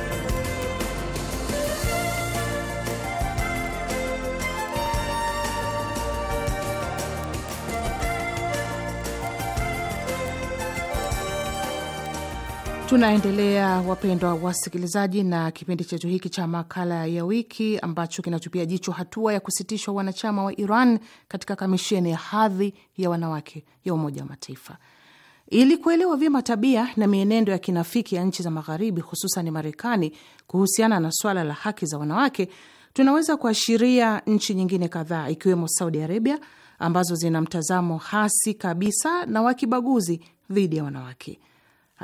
Tunaendelea wapendwa wasikilizaji, na kipindi chetu hiki cha makala ya wiki ambacho kinatupia jicho hatua ya kusitishwa wanachama wa Iran katika kamisheni ya hadhi ya wanawake ya Umoja wa Mataifa. Ili kuelewa vyema tabia na mienendo ya kinafiki ya nchi za Magharibi, hususan Marekani, kuhusiana na swala la haki za wanawake, tunaweza kuashiria nchi nyingine kadhaa ikiwemo Saudi Arabia ambazo zina mtazamo hasi kabisa na wakibaguzi dhidi ya wanawake.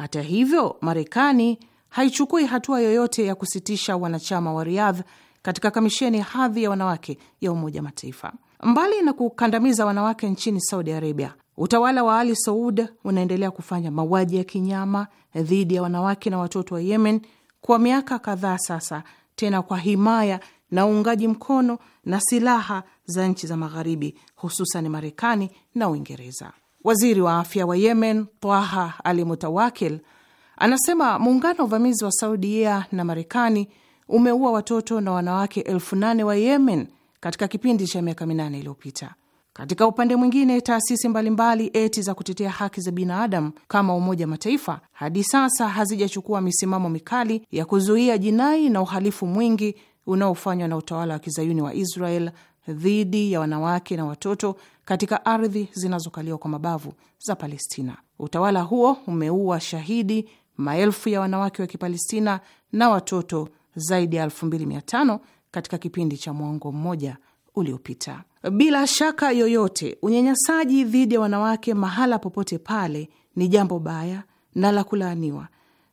Hata hivyo, Marekani haichukui hatua yoyote ya kusitisha wanachama wa riadh katika kamisheni hadhi ya wanawake ya Umoja Mataifa. Mbali na kukandamiza wanawake nchini Saudi Arabia, utawala wa Ali Saud unaendelea kufanya mauaji ya kinyama dhidi ya wanawake na watoto wa Yemen kwa miaka kadhaa sasa, tena kwa himaya na uungaji mkono na silaha za nchi za Magharibi, hususan Marekani na Uingereza. Waziri wa afya wa Yemen, Twaha Ali Mutawakil, anasema muungano wa uvamizi wa Saudia na Marekani umeua watoto na wanawake elfu nane wa Yemen katika kipindi cha miaka minane iliyopita. Katika upande mwingine, taasisi mbalimbali eti za kutetea haki za binadamu kama Umoja wa Mataifa hadi sasa hazijachukua misimamo mikali ya kuzuia jinai na uhalifu mwingi unaofanywa na utawala wa kizayuni wa Israel dhidi ya wanawake na watoto katika ardhi zinazokaliwa kwa mabavu za Palestina. Utawala huo umeua shahidi maelfu ya wanawake wa Kipalestina na watoto zaidi ya 2500 katika kipindi cha mwongo mmoja uliopita. Bila shaka yoyote, unyanyasaji dhidi ya wanawake mahala popote pale ni jambo baya na la kulaaniwa,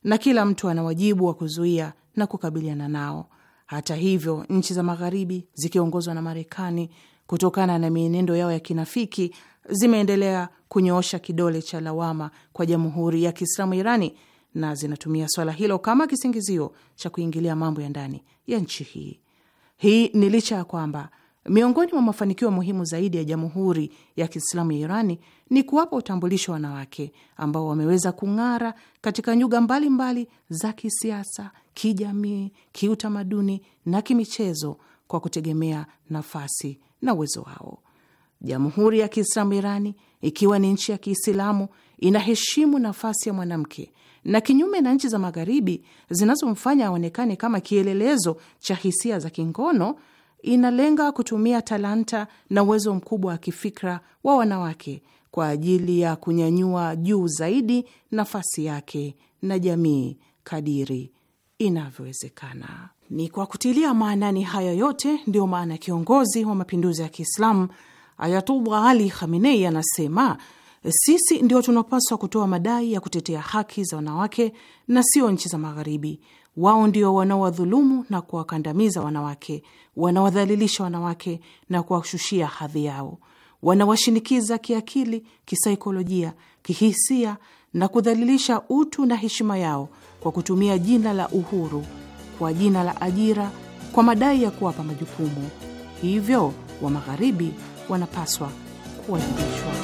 na kila mtu ana wajibu wa kuzuia na kukabiliana nao. Hata hivyo, nchi za Magharibi zikiongozwa na Marekani, kutokana na mienendo yao ya kinafiki, zimeendelea kunyoosha kidole cha lawama kwa Jamhuri ya Kiislamu Irani na zinatumia swala hilo kama kisingizio cha kuingilia mambo ya ndani ya nchi hii. Hii ni licha ya kwamba Miongoni mwa mafanikio muhimu zaidi ya Jamhuri ya Kiislamu ya Irani ni kuwapa utambulisho wanawake ambao wameweza kung'ara katika nyuga mbalimbali mbali za kisiasa, kijamii, kiutamaduni na kimichezo kwa kutegemea nafasi na uwezo wao. Jamhuri ya Kiislamu Irani, ikiwa ni nchi ya Kiislamu, inaheshimu nafasi ya mwanamke na kinyume na nchi za Magharibi zinazomfanya aonekane kama kielelezo cha hisia za kingono inalenga kutumia talanta na uwezo mkubwa wa kifikra wa wanawake kwa ajili ya kunyanyua juu zaidi nafasi yake na jamii kadiri inavyowezekana. Ni kwa kutilia maanani haya yote ndiyo maana kiongozi wa mapinduzi ya Kiislamu Ayatullah Ali Khamenei anasema sisi ndio tunapaswa kutoa madai ya kutetea haki za wanawake na sio nchi za Magharibi, wao ndio wanaowadhulumu na kuwakandamiza wanawake, wanawadhalilisha wanawake na kuwashushia hadhi yao, wanawashinikiza kiakili, kisaikolojia, kihisia na kudhalilisha utu na heshima yao kwa kutumia jina la uhuru, kwa jina la ajira, kwa madai ya kuwapa majukumu. Hivyo wa Magharibi wanapaswa kuwajibishwa.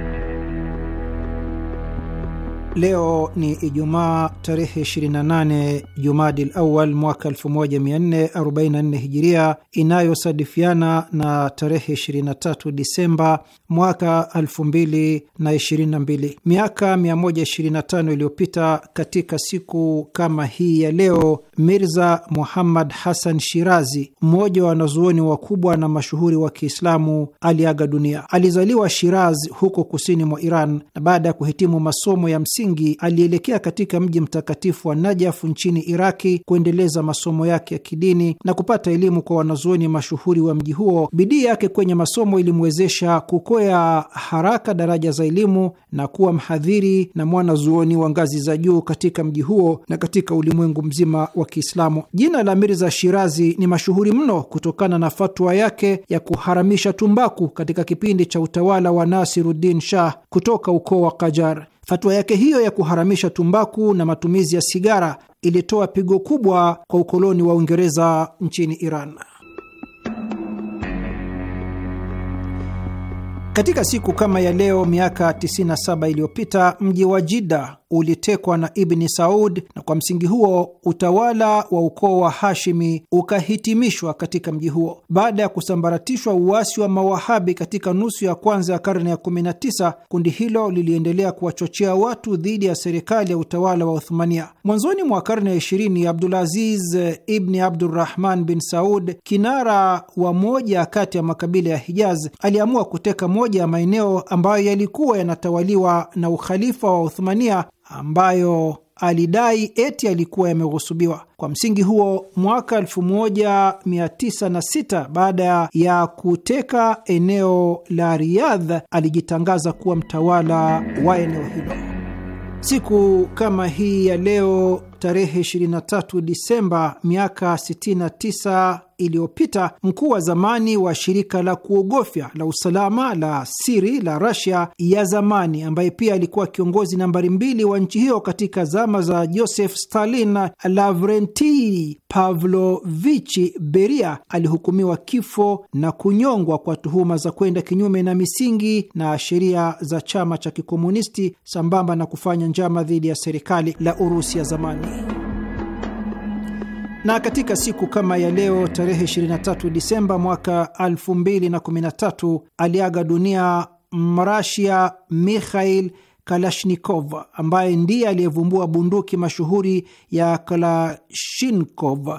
Leo ni Ijumaa tarehe 28 Jumadil Awal mwaka 1444 Hijiria, inayosadifiana na tarehe 23 Disemba mwaka 2022. Miaka 125 iliyopita, katika siku kama hii ya leo, Mirza Muhammad Hassan Shirazi, mmoja wa wanazuoni wakubwa na mashuhuri wa Kiislamu, aliaga dunia. Alizaliwa Shiraz huko kusini mwa Iran, na baada ya kuhitimu masomo ya msi msingi alielekea katika mji mtakatifu wa Najaf nchini Iraki kuendeleza masomo yake ya kidini na kupata elimu kwa wanazuoni mashuhuri wa mji huo. Bidii yake kwenye masomo ilimwezesha kukwea haraka daraja za elimu na kuwa mhadhiri na mwanazuoni wa ngazi za juu katika mji huo na katika ulimwengu mzima wa Kiislamu. Jina la Mirza Shirazi ni mashuhuri mno kutokana na fatwa yake ya kuharamisha tumbaku katika kipindi cha utawala wa Nasiruddin Shah kutoka ukoo wa Kajar. Fatua yake hiyo ya kuharamisha tumbaku na matumizi ya sigara ilitoa pigo kubwa kwa ukoloni wa Uingereza nchini Iran. Katika siku kama ya leo miaka 97 iliyopita mji wa Jida ulitekwa na Ibni Saud, na kwa msingi huo utawala wa ukoo wa Hashimi ukahitimishwa katika mji huo. Baada ya kusambaratishwa uasi wa Mawahabi katika nusu ya kwanza ya karne ya 19, kundi hilo liliendelea kuwachochea watu dhidi ya serikali ya utawala wa Uthmania. Mwanzoni mwa karne ya 20, Abdulaziz Ibni Abdurrahman bin Saud, kinara wa moja kati ya makabila ya Hijaz, aliamua kuteka moja ya maeneo ambayo yalikuwa yanatawaliwa na ukhalifa wa Uthmania ambayo alidai eti alikuwa yameghusubiwa. Kwa msingi huo, mwaka 1906 baada ya kuteka eneo la Riyadh, alijitangaza kuwa mtawala wa eneo hilo. Siku kama hii ya leo tarehe 23 Disemba miaka 69 iliyopita mkuu wa zamani wa shirika la kuogofya la usalama la siri la Rasia ya zamani ambaye pia alikuwa kiongozi nambari mbili wa nchi hiyo katika zama za Joseph Stalin, Lavrenti Pavlovichi Beria alihukumiwa kifo na kunyongwa kwa tuhuma za kwenda kinyume na misingi na sheria za chama cha Kikomunisti sambamba na kufanya njama dhidi ya serikali la Urusi ya zamani. Na katika siku kama ya leo tarehe 23 Disemba mwaka 2013 aliaga dunia Mrasia Mikhail Kalashnikov ambaye ndiye aliyevumbua bunduki mashuhuri ya Kalashnikov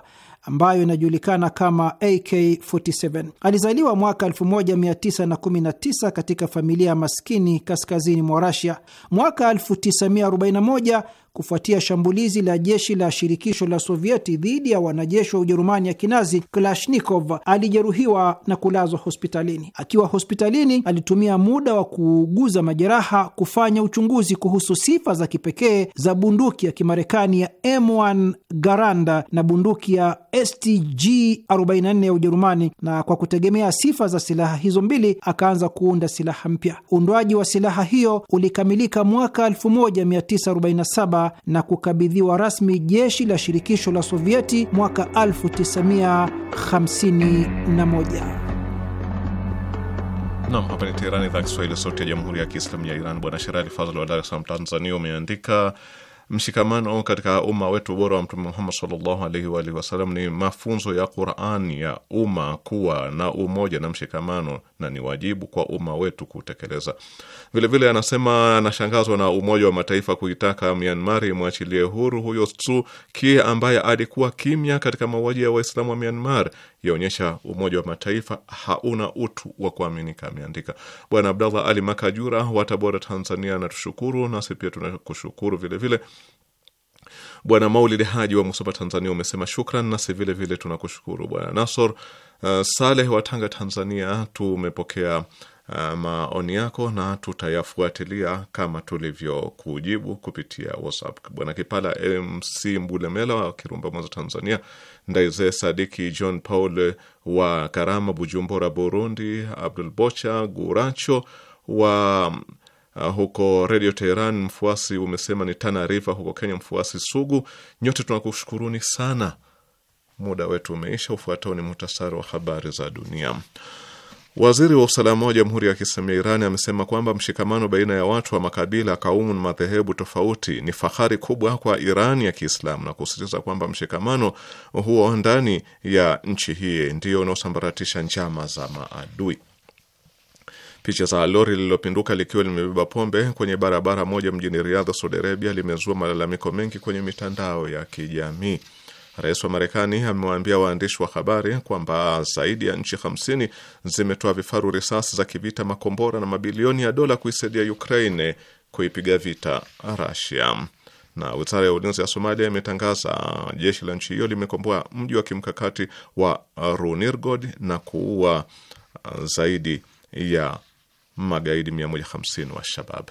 ambayo inajulikana kama AK47. Alizaliwa mwaka 1919 katika familia ya maskini kaskazini mwa Rasia. Mwaka 1941 kufuatia shambulizi la jeshi la shirikisho la Sovieti dhidi ya wanajeshi wa Ujerumani ya kinazi, Kalashnikov alijeruhiwa na kulazwa hospitalini. Akiwa hospitalini, alitumia muda wa kuuguza majeraha kufanya uchunguzi kuhusu sifa za kipekee za bunduki ya Kimarekani ya M1 Garanda na bunduki ya STG 44 ya Ujerumani, na kwa kutegemea sifa za silaha hizo mbili akaanza kuunda silaha mpya. Uundwaji wa silaha hiyo ulikamilika mwaka 1947 na kukabidhiwa rasmi jeshi la shirikisho la Sovieti mwaka 1951. Nam, hapa ni Teherani, idhaa Kiswahili, sauti ya jamhuri ya kiislamu ya Iran. Bwana Sherali Fadhal wa Dar es Salaam, Tanzania, umeandika mshikamano katika umma wetu bora wa Mtume Muhammad sallallahu alaihi wa alihi wasallam ni mafunzo ya Quran ya umma kuwa na umoja na mshikamano, na ni wajibu kwa umma wetu kutekeleza. Vilevile anasema anashangazwa na Umoja wa Mataifa kuitaka Myanmar imwachilie huru huyo Suu Kyi ambaye alikuwa kimya katika mauaji ya Waislamu wa Myanmar. Yaonyesha Umoja wa Mataifa hauna utu wa kuaminika, ameandika Bwana Abdallah Ali Makajura wa Tabora, Tanzania. Anatushukuru, nasi pia tunakushukuru vilevile. Bwana Maulid Haji wa Musoma, Tanzania, umesema shukran, nasi vile vile tunakushukuru. Bwana Nasor uh, Saleh wa Tanga, Tanzania, tumepokea uh, Uh, maoni yako na tutayafuatilia kama tulivyokujibu kupitia WhatsApp. Bwana Kipala MC Mbulemela wa Kirumba, Mwanza, Tanzania, Ndaize Sadiki John Paul wa Karama, Bujumbura, Burundi, Abdul Bocha Guracho wa Uh, huko Radio Teheran mfuasi umesema ni Tana River huko Kenya, mfuasi sugu. Nyote tunakushukuruni sana. Muda wetu umeisha. Ufuatao ni muhtasari wa habari za dunia. Waziri wa usalama wa Jamhuri ya Kiislamia iran amesema kwamba mshikamano baina ya watu wa makabila, kaumu na madhehebu tofauti ni fahari kubwa kwa iran ya Kiislamu na kusisitiza kwamba mshikamano huo ndani ya nchi hii ndio unaosambaratisha njama za maadui. Picha za lori lililopinduka likiwa limebeba pombe kwenye barabara moja mjini Riadha, Saudi Arabia, limezua malalamiko mengi kwenye mitandao ya kijamii. Rais wa Marekani amewaambia waandishi wa habari kwamba zaidi ya nchi 50 zimetoa vifaru, risasi za kivita, makombora na mabilioni ya dola kuisaidia Ukraine kuipiga vita Rasia. Na wizara ya ulinzi ya Somalia imetangaza jeshi la nchi hiyo limekomboa mji wa kimkakati wa Runirgod na kuua zaidi ya magaidi 150 wa Shabab.